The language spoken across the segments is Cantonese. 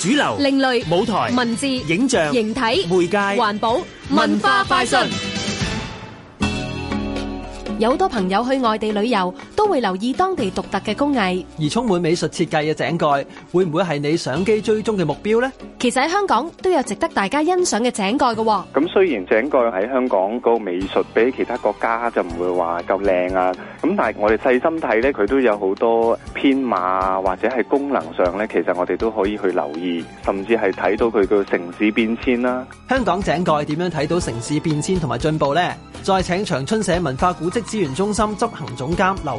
主流、另類、舞台、文字、影像、形體、媒介、環保、文化快訊。有好多朋友去外地旅遊。都會留意當地獨特嘅工藝，而充滿美術設計嘅井蓋，會唔會係你相機追蹤嘅目標呢？其實喺香港都有值得大家欣賞嘅井蓋嘅。咁雖然井蓋喺香港個美術比其他國家就唔會話夠靚啊，咁但係我哋細心睇咧，佢都有好多編碼或者係功能上咧，其實我哋都可以去留意，甚至係睇到佢個城市變遷啦。香港井蓋點樣睇到城市變遷同埋進步呢？再請長春社文化古蹟資源中心執行總監劉。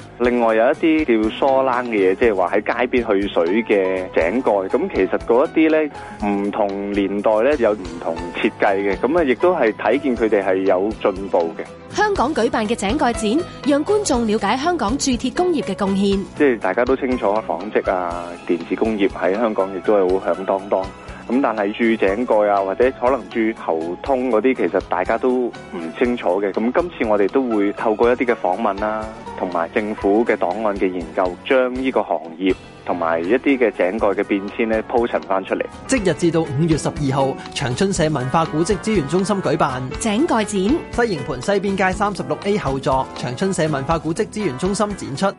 另外有一啲叫疏冷嘅嘢，即係話喺街邊去水嘅井蓋。咁其實嗰一啲咧，唔同年代咧有唔同設計嘅。咁啊，亦都係睇見佢哋係有進步嘅。香港舉辦嘅井蓋展，讓觀眾了解香港鑄鐵工業嘅貢獻。即係大家都清楚啊，紡織啊、電子工業喺香港亦都係好響當當。咁但係住井蓋啊，或者可能住喉通嗰啲，其實大家都唔清楚嘅。咁今次我哋都會透過一啲嘅訪問啦、啊，同埋政府嘅檔案嘅研究，將呢個行業同埋一啲嘅井蓋嘅變遷咧鋪陳翻出嚟。即日至到五月十二號，長春社文化古蹟資源中心舉辦井蓋展，西營盤西邊街三十六 A 後座，長春社文化古蹟資源中心展出。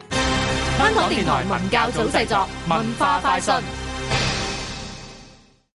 香港電台文教組製作，文化快訊。